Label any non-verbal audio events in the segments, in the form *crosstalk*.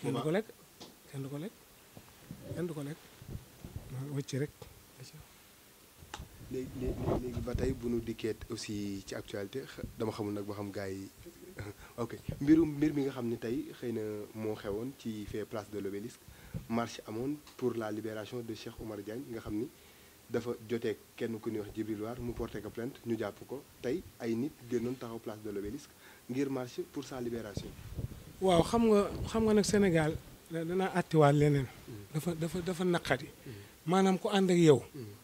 kenn du ko lekk kenn rek. léegi léegi léegi ba tey bu nu aussi ci actualité dama xamul nag ba xam gars yi *laughs* ok mbirum mbir mi nga xam ni tey xëy na moo xewoon ci fee place de l'obélisque marche amoon pour la libération de Cheikh Oumar Diagne nga xam ni dafa jotee kenn ku ñuy wax Djibril War mu porté ko plainte ñu jàpp ko tey ay nit génnoon taxaw place de l'obélisque ngir marche pour sa libération. waaw xam nga xam nga nag Sénégal danaa àttiwaat leneen. dafa dafa dafa naqari. maanaam ku ànd ak yow.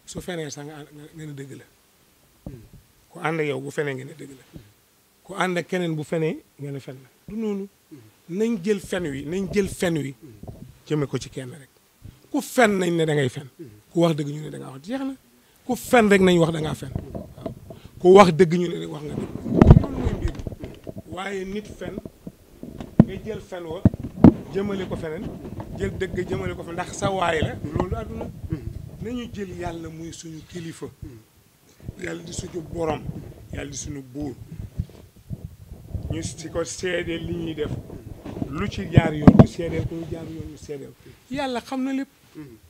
su fenee sax nga nga dëgg la. ku ànd ak yow bu fenee nga ne dëgg la. ku ànd keneen bu fenee nga ne fen la du noonu. nañ jël fen wi nañ jël fen wi. jëme ko ci kenn rek. ku fen nañ ne da ngay fen. wax dëgg ñu ne da ngaa jeex na. ku fen rek nañ wax da ngaa fen. ku wax dëgg ñu ne wax nga dëgg. loolu mooy mbir waaye nit fen. jël fen wa jëmale ko feneen jël dëgg jëmale ko feneen ndax sa waay la loolu àdduna nañu jël yàlla muy suñu kilifa yàlla di suñu borom yàlla di buur ñu si ko seedeel li ñuy def lu ci jaar yoon ñu seedeel ko yoon ñu seedeel yàlla xam na lépp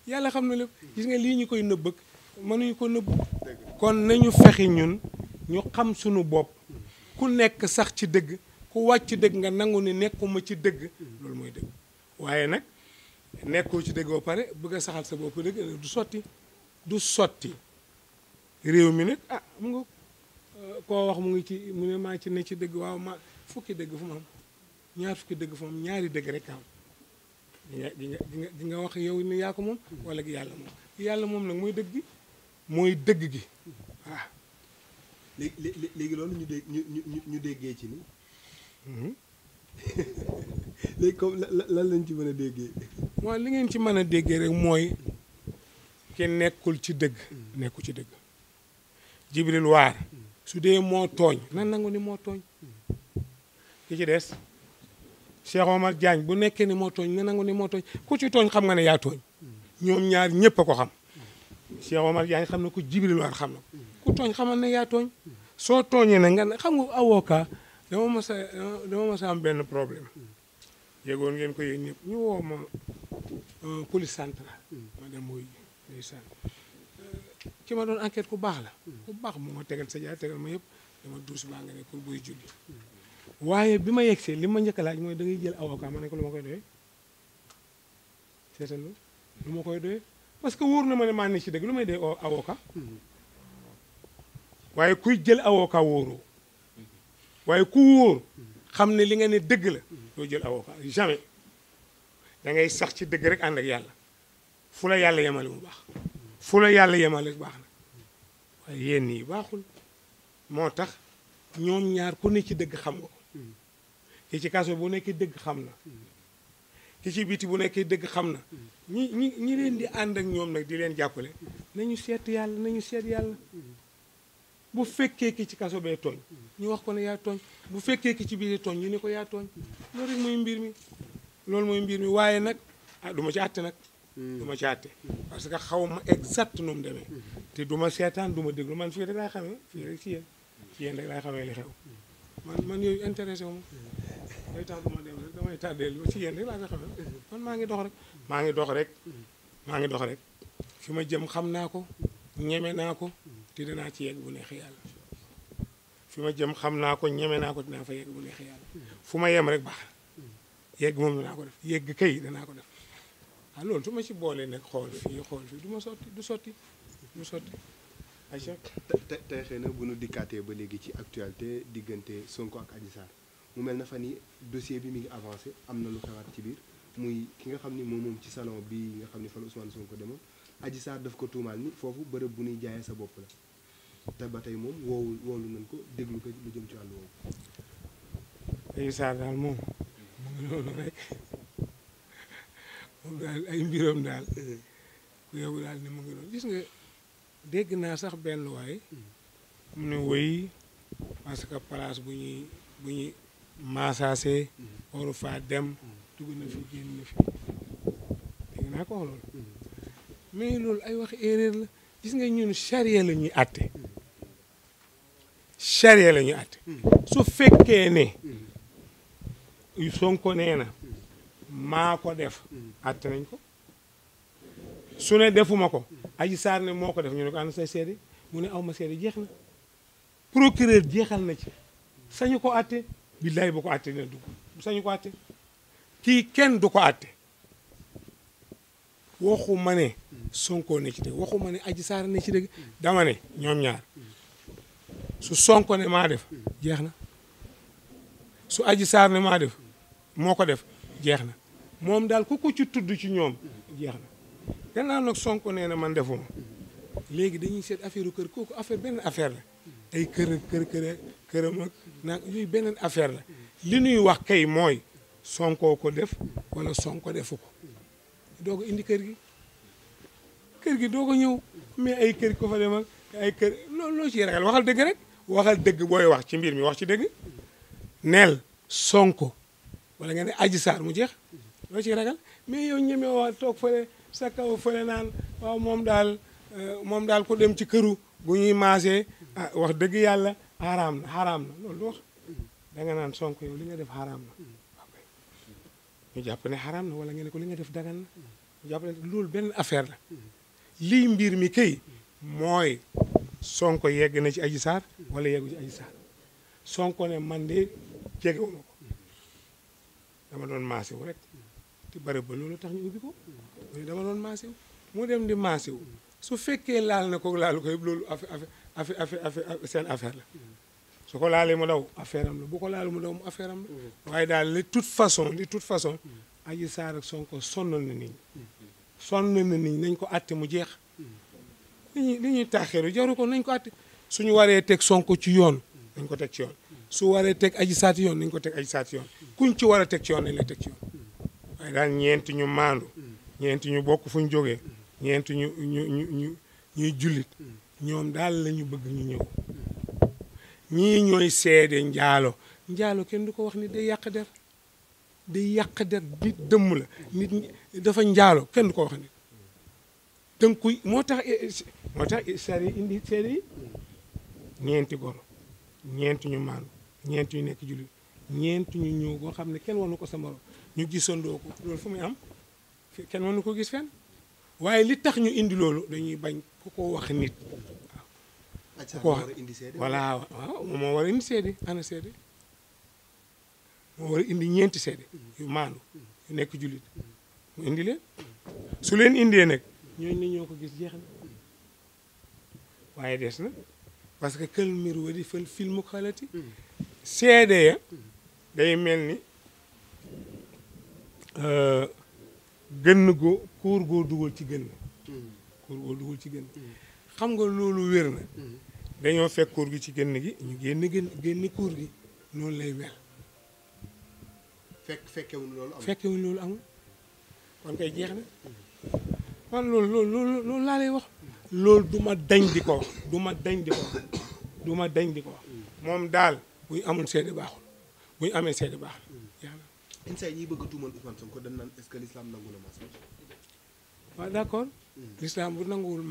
yàlla xam na lépp gis nga lii ñu koy nëbb ak mënuñu ko nëbb kon nañu fexe ñun ñu xam suñu bopp ku nekk sax ci dëgg ku wàcc dëgg nga nangu ni nekkuma ci dëgg loolu mooy dëgg waaye nag nekkoo ci dëgg ba pare bëgg a saxal sa bopp dëgg du sotti du sotti réew mi nag ah mu nga euh, koo wax mu ngi ci mu ne maa ci ne ci dëgg waaw ma fukki dëgg fu mu am ñaar fukki dëgg fu mu am ñaari dëgg rekk am di nga di nga di nga wax yow ni yaa ko moom wala gi yàlla moom yàlla moom nag mooy dëgg gi mooy dëgg gi waaw léegi ñu déggee ci ni Hmm? *laughs* léegi comme lan lañ ci mën a déggee. waaw li ngeen ci mën a déggee rek mooy ki nekkul ci dëgg. nekku ci dëgg. Jibril waar. su dee moo tooñ nan nangu ni moo tooñ. ki ci des Cheikh Omar Diagne bu nekkee ni moo tooñ na nangu ni moo tooñ ku ci tooñ xam nga ne yaa tooñ. ñoom ñaar ñëpp a ko xam. Cheikh Omar Diagne xam na ko Jibril waar xam na ko. ku tooñ xamal ne yaa tooñ. soo tooñee na nga xam nga avocat. dama mos am benn problème yégoon ngeen ko yéen ñëpp ñu woo ma euh, police centrale ma dem mooy ndeysaan ci euh, ma doon enquête ku baax la ku baax moo ma tegal sa jaay tegal ma yëpp dama duus baa nga ne pour bi ma yegsee li ma njëkk mooy da jël avocat ma ne lu ma koy doyee seetal lu ma koy doyee parce que wóor na ma ne maa ne ci dëgg lu may dee avocat hmm. waaye kuy jël awooka wóoroo waaye ku wóor xam ne li nga ne dëgg la doo jël awoo jamais da ngay sax ci dëgg rek ànd ak yàlla fu la yàlla yemale mu baax fu la yàlla yemale baax na waaye yéen yi baaxul moo tax ñoom ñaar ku ne ci dëgg xam ko ki ci nekkee dëgg xam na ki ci biti bu nekkee dëgg xam na ñi ñi ñi leen di ànd ak ñoom nag di leen jàppale nañu seet yàlla nañu seet yàlla bu fekkee ki ci kaso bee tooñ ñu wax ko ne yaa tooñ bu fekkee ki ci biir tooñ ñu ne ko yaa tooñ loolu mooy mbir mi loolu mooy mbir mi waaye nag ah ma ci àtte nag hmm. du ma ci parce que xaw ma exact nu mu te du ma seetaan du ma déglu man fii rek laay xamee fii rek ci yéen ci yéen rek laay xamee li xew man man yooyu intéressé wu ma tax du ma dem rek damay tàddeel ci yéen rek laa ko xamee man maa ngi dox rek maa ngi dox rek maa ngi dox rek fi ma jëm xam naa ko ñeme naa ko te danaa ci yegg bu neexee yàlla fi ma jëm xam naa ko ñeme naa ko dinaa fa yegg bu neexee yàlla fu ma yem rek baax yegg moom danaa ko def yegg kay danaa ko def ah su ma ci boolee nag xool fii xool fii du ma sotti du sotti du sotti. ayca te tey xëy na bu nu dikkaatee ba léegi ci actualité diggante Sonko ak Adji mu mel na fa ni dossier bi mu ngi avancé am na lu xewaat ci biir muy ki nga xam ni moom moom ci salon bi nga xam ni fa la Ousmane Sonko demoon Adji Sarr daf ko tuumaal foofu bërëb bu ñuy jaayee sa bopp la. te ba tey moom woowu woolu nañ ko déglu ko lu jëm ci wàllu woowu. moom mu ngi loolu rek moom daal ay mbiram daal ku yow daal ni mu ngi loolu gis nga dégg naa sax benn waay mu ne wéy parce que place bu ñuy bu ñuy maasaasee waru faa dem dugg na fi génn na fi dégg naa ko loolu mm-hmm. mais loolu ay wax erreur la gis nga ñun charia la ñuy àtte charia la ñu àtte su fekkee ne Sonko nee na maa ko def àtte nañ ko su ne defuma ko Adji Sarr ne moo ko def ñu ne ko ànd say seede mu ne aw ma seede jeex na procureur jeexal na ci sañu ko àtte billaay bu ko àtte dina sañu ko àtte kii kenn du ko ate waxu ma ne Sonko ne ci dëgg waxu ma ne Adji Sarr ne ci dëgg dama ne ñoom ñaar su Sonko ne maa def jeex na su Adji Sarr ne maa def moo ko def jeex na moom daal ku ko ci tudd ci ñoom jeex na gannaaw nag Sonko nee na man defuma léegi dañuy seet affaire kër kooku affaire benn affaire la ay kër kër kër këram beneen affaire la li ñuy wax kay mooy Sonko ko def wala Sonko defu ko doog indi kër gi kër gi doog a ñëw mais ay kër ko fa dem ak ay kër loo loo ciy waxal dëgg rek waxal dëgg booy wax ci mbir mi wax ci dëgg neel sonko wala nga ne aji saar mu jeex loo ciy ragal mais yow ñeme waa toog fële sa kaw fële naan waaw moom daal euh, moom daal ku dem ci këru bu ñuy maasee ah, wax dëgg yàlla xaraam na xaraam na loolu du wax naan sonko yow li nga def xaraam na ñu jàpp ne xaraam na wala nga ko li nga def dagan na ñu jàpp ne loolu benn affaire la lii mbir mi kay mooy Sonko yegg na ci aji Sarr wala yeggu ci Adji Sarr Sonko ne man de jegewuma ko dama rek te bëri ba loolu tax ñu dama doon maasiw mu dem di maasiw su fekkee laal na ko laalu ko yëpp loolu affaire affaire affaire seen affaire la laalee mu daw affaire am la bu ko laalee mu daw mu am waaye daal de toute façon de toute façon Adji Sarr ak sonn na nit ñi ko àtte mu jeex li ñuy li ñuy taaxeeru ko nañ ko àtte suñu waree teg Sonko ci yoon nañ ko teg ci yoon su waree teg aji saati yoon nañ ko teg aji saati kuñ ci war a teg ci yoon nañ la teg ci yoon ñu maandu ñeenti ñu bokk fu ñu jógee ñeenti ñu ñu ñu daal la ñu bëgg ñu ñëw ñii ñooy seede njaalo njaalo kenn du ko wax ni da yàq der day yàq der nit dëmm la nit dafa njaalo kenn du ko wax ni tënku moo tax eh, eh, moo tax eh, sari indi sari yi ñeenti gor ñeenti ñu maanu ñeenti ñu nekk jullit ñeenti ñu ñëw goo xam ne kenn wanu ko sa morom ñu gisandoo ko loolu fu muy am kenn wanu ko gis fenn waaye li tax ñu indi loolu dañuy bañ ku ko wax nit waaw ku ko wax voilà waaw moom moo war a indi seede ana seede moo war a indi ñeenti seede yu maanu yu nekk jullit mu indi leen su leen indee nag ñooñu la ñoo ko gis jeex na waaye des na parce que kël mir wa di fël film xalati seede hmm. ya day mel ni euh, gënn goo kuur goo dugal ci gënn hmm. kuur goo dugal ci gënn hmm. xam nga loolu wér na dañoo fekk kuur gi ci gënn gi ñu génn gën génn kuur gi noonu lay wel fekk fekkewuñ loolu amul fekkewuñ loolu amul kon kay jeex na man loolu loolu loolu laa lay wax loolu du ma dañ di ko wax du ma dañ di ko wax du ma dañ di moom daal buñ amul seede baaxul buñ amee seede baaxul yàlla yi ñuy bëgg a tuumal Ousmane Sonko dañ naan est-ce que l'islam nangu na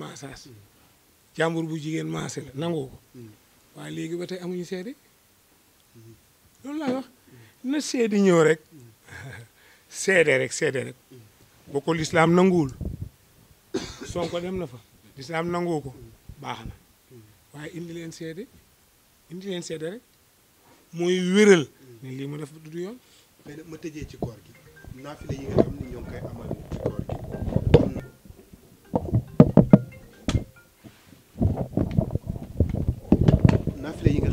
massage bu jigéen maase la léegi ba tey amuñu seede loolu laay wax na seede ñëw rek *laughs* seede rek seede rek boo ko l'islam nanguwul Sonko dem na fa lislaam nangoo ko baax na waaye indi leen seede indi leen seede rek mooy wéral ne lii mu def du yoon mais ma tëjee ci koor gi naafile yi nga xam ne ñoo ngi koy amal ci koor gi yi nga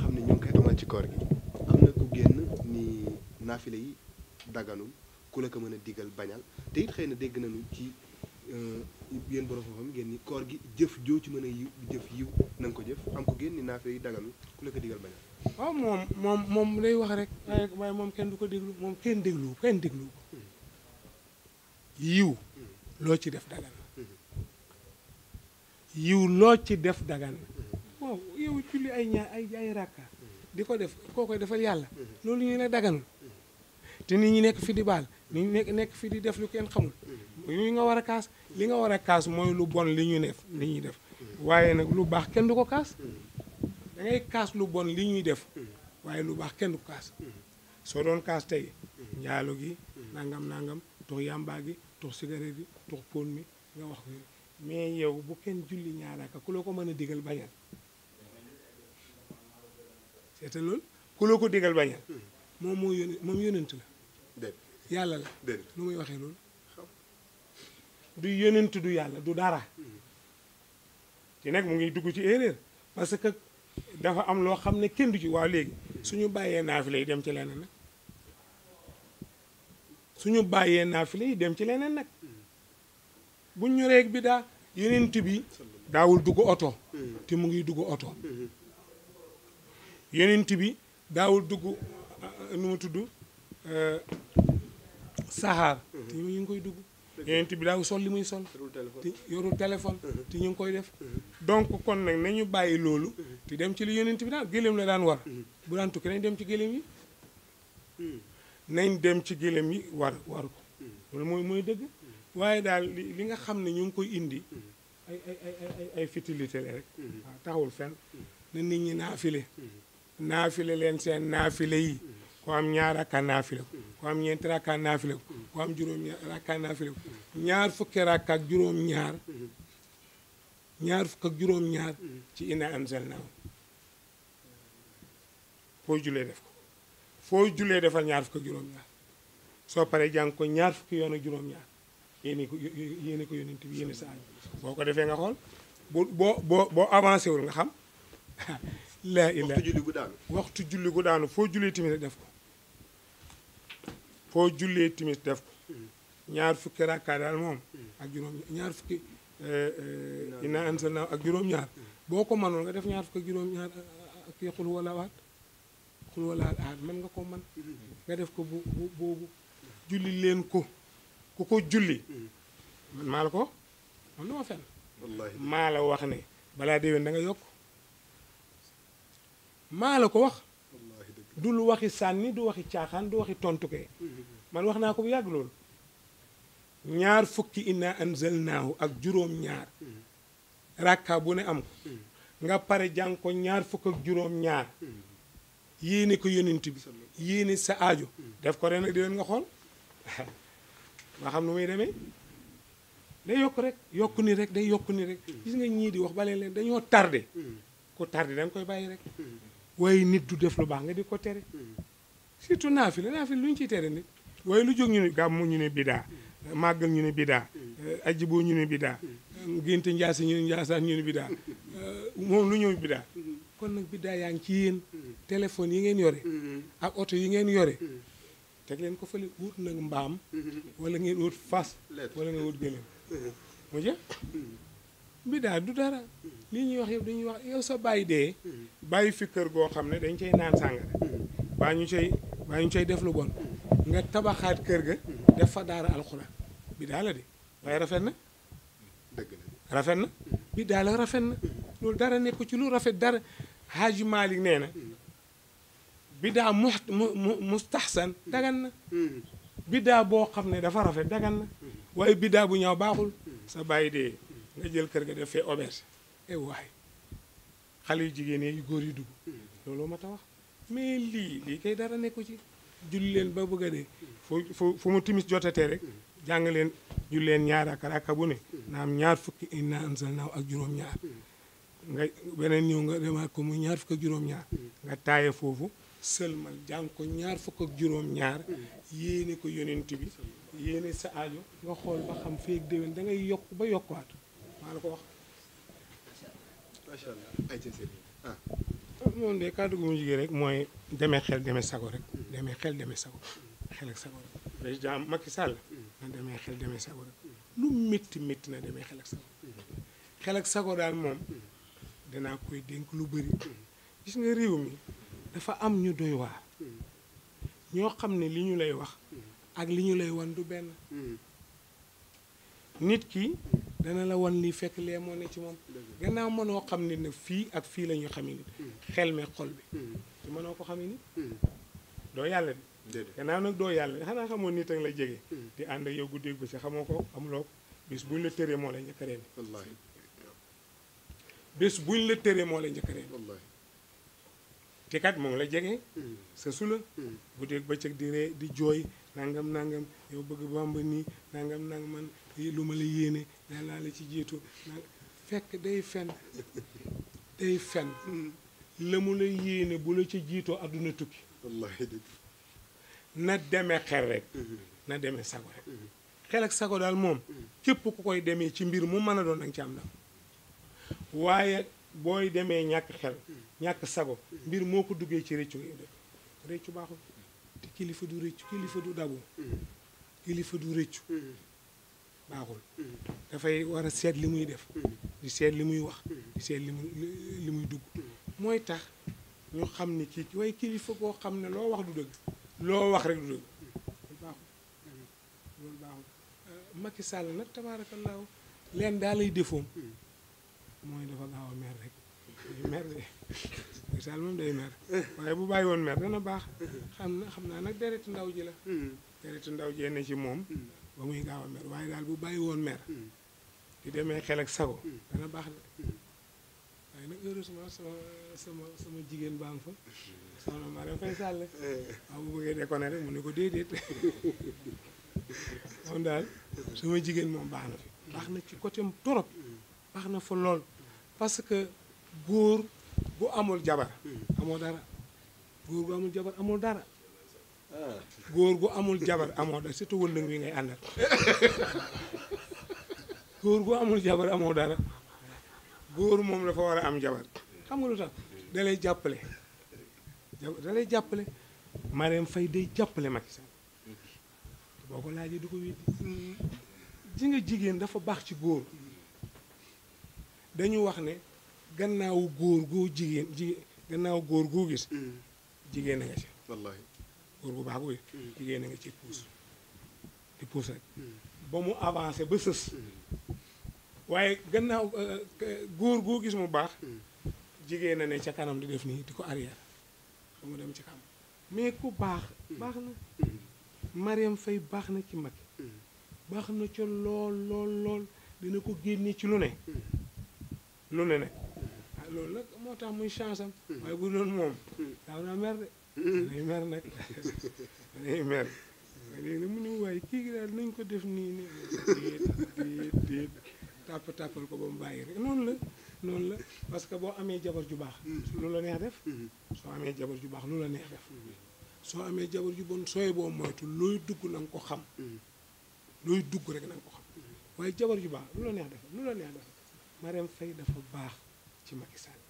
xam ne ñoo ngi koy ci koor gi am na ku génn ni naafile yi daganul ku la ko mën a digal bañal te it xëy na dégg nañu ci euh, yéen borom xam-xam ngeen ni koor gi jëf joo ci mën a yiw jëf yiw na ko jëf génn naa fay dagal ku la ko digal bañ waaw moom moom moom lay wax rek waaye moom kenn ko déglu moom kenn déglu kenn déglu loo ci def dagan yiw loo ci def dagan waaw yow julli ay ñaar ay ay di ko def koo koy defal yàlla loolu ñu ne daganul te nit ñi nekk fi di baal nit ñi nekk nekk fi di def lu kenn xamul yooyu nga war a kaas li nga war a kaas mooy lu bon li ñuy def li ñuy def waaye nag lu baax kenn du ko kaas da kaas lu bon li ñuy def waaye lu baax kenn du ko kaas soo doon kaas tey njaalo gi nangam nangam tux yàmbaa gi tux cigarette bi tux pon mi nga wax ko mais yow bu kenn julli ñaaraaka ku loo ko mën a diggal bañal seeta loolu ku la ko digal bañal hmm. moom moom yónent la yàlla la lu muy waxee loolu du yonent du yàlla du dara ci nag mu ngi dugg ci erreur parce que dafa am loo xam ne kenn du ci waa léegi suñu bàyyee naafila yi dem ci leneen nag suñu bàyyee naafila yi dem ci leneen nag bu ñu bi daa yonent bi daawul dugg oto te mu ngi dugg oto yonent bi daawul dugg nu mu tudd euh, saxaar te mu ngi koy dugg yonent bi daaw sol li muy sol te yorul téléphone ti ñu ngi koy def donc kon nag nañu bàyyi loolu te dem ci li yonent bi daan gëléem la daan war bu daan tukki nañ dem ci gëléem yi nañ dem ci gëléem yi war war ko loolu mooy mooy dëgg waaye daal li nga xam ne ñu ngi koy indi ay ay ay rek waaw taxawul fenn nit ñi naafile naafile leen seen naafile yi ko am ñaar rakka naafile ko ko am ñeenti rakka naafile ko ko am juróom ñaar rakka naafile ko ñaar fukki rakk ak juróom-ñaar ñaar fukk ak juróom-ñaar ci inna anzalnaahu foo julee def ko foo julee defal ñaar fukk ak juróom-ñaar soo paree jàng ko ñaar fukki yoon ak juróom-ñaar yéene ko yéene ko yónent boo ko defee nga xool boo boo boo avancé wul nga xam laa *laughs* ilaa waxtu julli gu daanu foo jullee timis def ko foo julee timis def ko ñaar fukki rakkaa daal moom ak juróom ñaar fukki eh, eh, inna ak juróom boo ko mënoon nga def ñaar fukki juróom-ñaar ak eh, kii xul wala waat xul wala aat mën nga ko man nga def ko bu boobu julli leen ko ku ko julli man maa la ko man du ma maa la wax ne balaa déwén da nga yokk maa la ko wax du lu waxi sànni du waxi caaxaan du waxi tontukee mm-hmm. man wax naa ko bu yàgg loolu ñaar fukki indi inna anzalnaahu ak juróom-ñaar rakka bu ne am ko nga pare jàng ko ñaar fukk ak juróom-ñaar yéene ko yonent bi yéene sa aajo def ko ren nag di leen nga xool *laughs* nga xam nu muy demee day yokk rek yokk ni rek day yokk ni rek gis nga ñii di wax bale leen dañoo tardé ku tardé da koy bàyyi rek waaye nit du def lu baax nga di ko tere surtout naafila naafila lu ñu ciy tere nit waaye lu jóg ñu ne gàmmu ñu ne bidaa màgg ñu ne bidaa ajiboo ñu ne bidaa génte njaasi ñu ne njaasaan ñu ne bidaa moom lu ñëw bidaa kon nag bidaa yaa ngi ci yéen téléphone yi ngeen yore ak oto yi ngeen yore teg leen ko fële wut nag mbaam wala ngeen wut fas wala ngeen wut gëléem mu jeex bidaa du dara li ñuy wax yëpp dañuy wax yow sa bàyyi dee bàyyi fi kër goo xam ne dañ cay naan sàngara baa ñu cay baa ñu cay def lu bon nga tabaxaat kër ga def fa daara alxuraan bi daal la de waaye rafet na. dëgg rafet na. bi la rafet na loolu dara nekk ci lu rafet dara Haji Malick nee na bi daa mu mu mustaxsan dagan na. biddaa boo xam ne dafa rafet dagan na waaye biddaa bu ñaaw baaxul sa bàyyi de nga jël kër ga def fee auberge e waay xale yu jigéen yi góor yu dugg looloo ma ta mais lii lii kay dara nekku ci julli leen ba bëgga a dee fu fu mu timis jotatee rek jàng leen julli leen ñaar ak rakka bu ne naam ñaar fukki inna naaw ak juróom-ñaar nga beneen ñëw nga demaat ko mu ñaar fukk ak juróom-ñaar nga taaye foofu sëlmal jàng ko ñaar fukk ak juróom yéene ko yonent bi yéene sa aajo nga xool ba xam feeg déwén da ngay yokk ba yokkuwaat maa la ko wax. moom de kàddu gu mu jigéen rek mooy demee xel demee sago rek demee xel demee sago xel ak sago rek président Macky Sall xel demee sago rek lu métti métti na daal moom danaa koy dénk lu bëri gis nga réew mi dafa am ñu doy waar ñoo xam ne li ñu lay wax ak li ñu lay wan du benn nit ki dana la wan lii fekk lee moo ne ci moom gannaaw mënoo xam ne ne fii ak fii la ñu xamee nit xel mi xol bi ci mënoo ko xamee nit doo yàlla de gannaaw nag doo yàlla xanaa xamoon nit ak la jege di ànd ak yow guddeeg xamoo ko amuloo ko bés buñ la tëree moo lay njëkk a buñ la tëree moo lay njëkk a reen te la jege sa hmm. sula hmm. guddeeg bëccëg di ree di jooy nangam nangam yow bëgg bamba nii nangam nangam man lu ma la yéene da naa la ci jiitu fekk day fen day fen la mu la yéene bu la ci jiitoo àdduna tukki na deme xel rek na deme sago rek xel ak sago daal moom képp ku koy demee ci mbir mu mën a doon danga ci am ndam waaye booy demee ñàkk xel ñàkk sago mbir moo ko duggee ci réccu réccu baaxul te kilifa du réccu kilifa du dabu mm. kilifa du réccu mm. baaxul dafay war a seet li muy def di seet li muy wax di seet li muy dugg mooy tax ñu xam ni kii way kilifa koo xam ne loo wax du dëgg loo wax rek du dëgg loolu baaxul loolu baaxul euh, Macky Sall leen daal lay defoom mooy dafa gaaw a mer rek day mer de Macky Sall moom day mer waaye bu bàyyi woon mer dana baax xam na xam naa nag deretu ndaw ji la hmm. deretu ndaw jee ne ci moom hmm. ba muy gaaw a mer waaye daal bu bàyyi woon mer di demee xel ak sago hmm. dana baax na hmm. waaye nag heureusement sama sama jigéen baa ngi fa soxna eh. mu ne ko déedéet *laughs* moom daal sama jigéen moom baax na fi hmm. baax na ci côté am na fa lool parce que góor bu amul jabar amoo dara góor bu amul jabar amul dara góor gu amul jabar amoo dara surtout wëndëng ngay àndal góor gu amul jabar amoo dara góor moom dafa war a am jabar xam nga lu tax da jàppale da jàppale Marième fay day jàppale Macky Sall boo ko laajee du ko wéet ji nga jigéen dafa baax ci góor dañu wax ne gannaaw góor goo jigéen jigéen gannaaw góor goo gis mm. jigéen a nga ci góor bu baax bu mm. jigéen na nga ci puus mm. di puus rek mm. ba mu avancé ba sës waaye gannaaw euh, góor goo gis mu baax jigéen na ne ca kanam di def nii di ko arrière ba mu dem ci kanam mais ku baax baax na Mariam Faye baax na ci mag baax na ca lool lool lool dina ko génne ci lu ne lu ne ne ah, loolu nag moo tax muy chance am waaye bu doon moom daaw naa mer de Mm. dañuy mer nag dañuy mer léegi nag mu ne waaye kii gi daal nañ ko def nii nii déet déet déet tàppal ko ba mu bàyyi rek noonu la noonu la parce que boo amee jabar ju baax mm. lu la neex def mm-hmm. soo amee jabar ju baax lu la neex def soo amee jabar ju bon sooy boo moytu looy dugg na nga ko xam mm-hmm. looy dugg rek na ko xam mm-hmm. waaye jabar ju baax lu la neex def lu la neex def Marème Faye dafa baax ci Macky Sall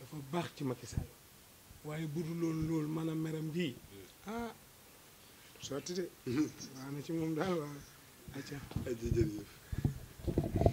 dafa baax ci Macky Sall waaye budul loolu loolu man a meram gii hmm. ah sotti de hmm. waa na ci moom daal waa